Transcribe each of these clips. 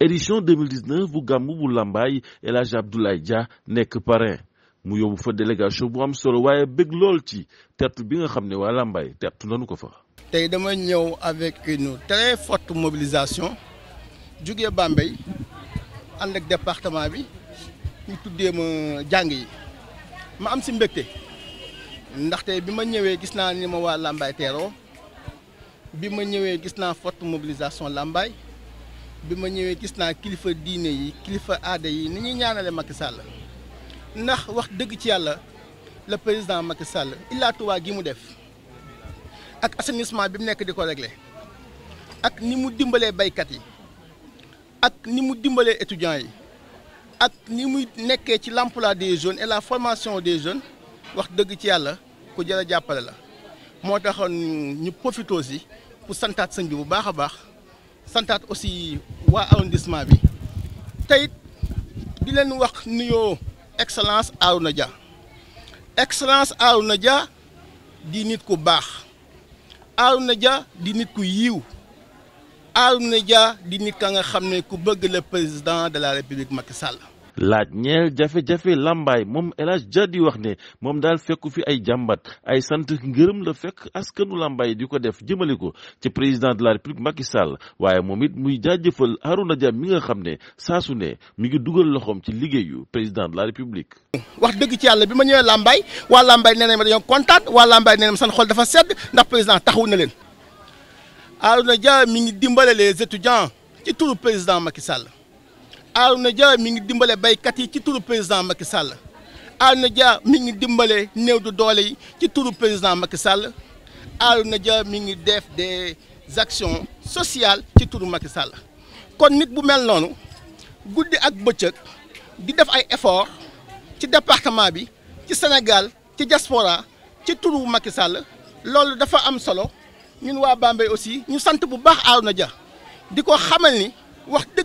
Edisyon 2019, Vougamou Boulambaye, Elaj Abdoulay Dja, nek parè. Mou yon mou fè delega Choubou Amsolo, wè beklol ti. Tèrtou bi yon khamne wè Lambaye, tèrtou nanou kofa. Tèy dèmè nye ou avèk yon nou, tèy fòt mobilizasyon, djouge Bambaye, an lèk departman vi, mou tout dèmè djange yon. Mè amsim bekte. Ndak tèy, bi mè nye wè gis nan ni mè wè Lambaye Tèyro, bi mè nye wè gis nan fòt mobilizasyon Lambaye, bima ñëwé ñëwee gis naa kilifa diine yi kilifa aada yi ni ñi ñaanalé Macky Sall ndax wax dëgg ci Yalla le président Macky Sall illaa Touba gi mu def ak assainissement bi mu nekk di ko régler ak ni mu dimbalé baykat yi ak ni mu dimbalé étudiants yi ak ni mu nekkee ci l'emploi des jeunes et la formation des jeunes wax dëgg ci Yalla ku jëla jappalé la mo taxone ñu profité si pour santat sëñ bi bu baaxa baax santaat aussi waa arrondissement bi teyit di leen wax nuyoo excellence Arouna Dia excellence na Dia di nit ku baax na Dia di nit ku yiw yiiw na Dia di nit ka nga xam ne ku bëgg la président de la république Macky Sall laaj ñeel jafe-jafe làmbaay moom elage Jadi wax ne moom daal fekku fi ay jàmbat ay sant ngërëm la fekk askanu làmbaay di ko def jëmale ci président de la république Macky Sall waaye moom it muy jaajëfal Harouna Dia mi nga xam ne su ne mi ngi dugal loxom ci liggéeyu président de la république. wax dëgg ci yàlla bi ma ñëwee làmbaay waa làmbaay nee nañ ma dañoo kontaan waa làmbaay nee nañ ma seen xol dafa sedd ndax président taxaw na leen Harouna Dia mi ngi dimbale les étudiants ci turu président Macky Sall. Aruna Dia mi ngi dimbale béykat yi ci turu président Macky Sall Aruna Dia mi ngi dimbalé new du doole yi ci turu président Macky Sall Aruna Dia mi ngi def des actions sociales ci turu Macky Sall kon nit bu mel noonu goudi ak beuk di def ay effort ci département bi ci Sénégal ci diaspora ci turu Macky Sall lolou dafa am solo ñun wa Bambey aussi ñu sant bu baax Aruna Dia diko xamal ni wax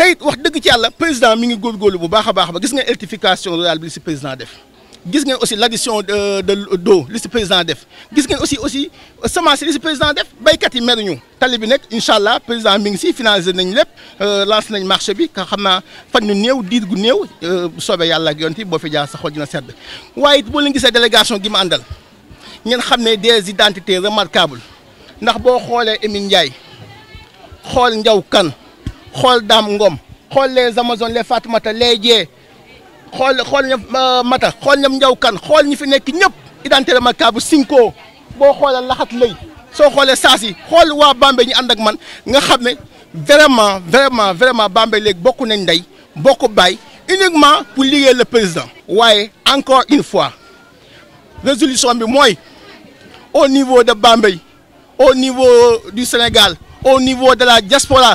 tay wax deug ci yalla président mi ngi gol góorgóorlu bu baax a ba gis nga électrification royal bi ci si président def gis nga aussi l'addition de de d'eau li si président def gis nga aussi aussi semence li si président def béykat yi meruñu tali bi nek inshallah allah président mi ngi si finaliser nañ lepp euh, lancé nañ marché bi ka xam naa fan ñu néew diir gu néew euh, sobe yalla ak yonti bo fi ja sa xol dina sedd waye boo leen gisee délégation gi ma andal ñen xamné des identités remarquables ndax bo xolé Emine Ndiaye xol Ndiaw kan xol dam Ngom xol les Amazones les Fatimata, les Dieng xol xool ña euh, Mata xool ñam Njaw Kan xol ñi fi nek ñep identité remarquable Cinco boo la laxat lay soo xoolee saas yi xool waa Bambey ñu ak man nga vraiment vraiment vraiment bambe lek bokku nañ nday bokku bay uniquement pour lier le président. waye encore une fois résolution bi moy au niveau de bambe au niveau du Sénégal au niveau de la diaspora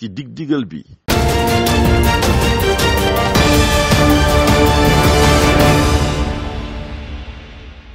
ci dig digal bi